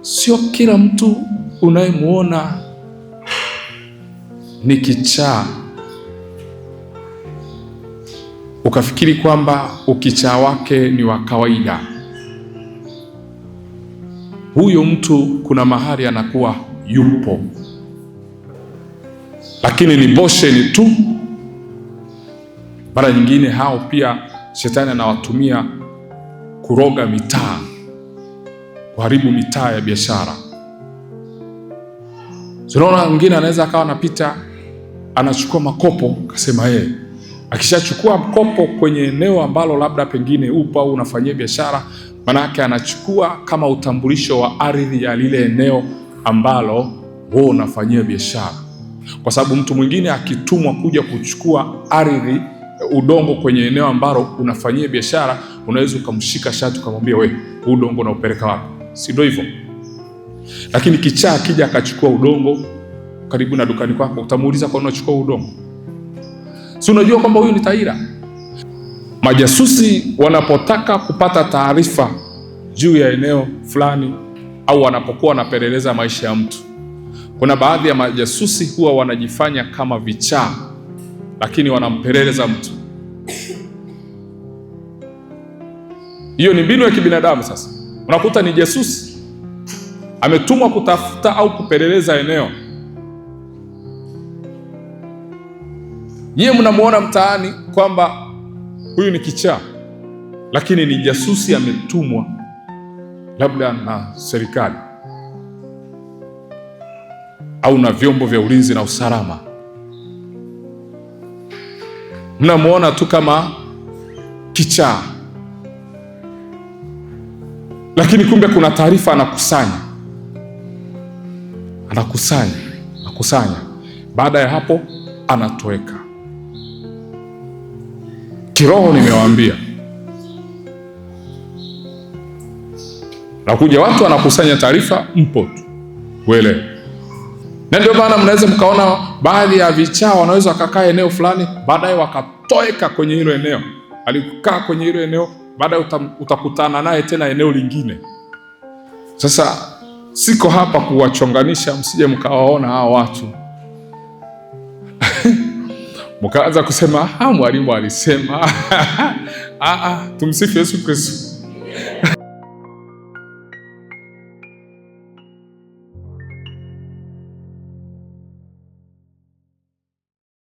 Sio kila mtu unayemwona ni kichaa ukafikiri kwamba ukichaa wake ni wa kawaida. Huyo mtu kuna mahali anakuwa yupo, lakini ni bosheni tu. Mara nyingine hao pia shetani anawatumia kuroga mitaa kuharibu mitaa ya biashara. Tunaona mwingine anaweza akawa anapita anachukua makopo, akasema yeye akishachukua mkopo kwenye eneo ambalo labda pengine upo au unafanyia biashara, manake anachukua kama utambulisho wa ardhi ya lile eneo ambalo wewe unafanyia biashara, kwa sababu mtu mwingine akitumwa kuja kuchukua ardhi, udongo kwenye eneo ambalo unafanyia biashara, unaweza ukamshika shati ukamwambia, we huu udongo unaupeleka wapi? si ndio hivyo? Lakini kichaa akija akachukua udongo karibu na dukani kwako, utamuuliza kwa nini unachukua udongo? Si unajua kwamba huyu ni taira? Majasusi wanapotaka kupata taarifa juu ya eneo fulani au wanapokuwa wanapeleleza maisha ya mtu, kuna baadhi ya majasusi huwa wanajifanya kama vichaa, lakini wanampeleleza mtu. Hiyo ni mbinu ya kibinadamu sasa Unakuta ni jasusi ametumwa kutafuta au kupeleleza eneo. nyiye mnamwona mtaani kwamba huyu ni kichaa, lakini ni jasusi ametumwa labda na serikali au na vyombo vya ulinzi na usalama. Mnamwona tu kama kichaa lakini kumbe kuna taarifa anakusanya, anakusanya, anakusanya. Baada ya hapo anatoweka. Kiroho nimewaambia, nakuja watu wanakusanya taarifa, mpo tu wele, na ndio maana mnaweza mkaona baadhi ya vichaa wanaweza wakakaa eneo fulani, baadaye wakatoweka kwenye hilo eneo, alikaa kwenye hilo eneo baadaye utakutana naye tena eneo lingine. Sasa siko hapa kuwachonganisha, msije mkawaona hawa watu mkaanza kusema ah, mwalimu alisema. Ah, ah, tumsifu Yesu Kristo.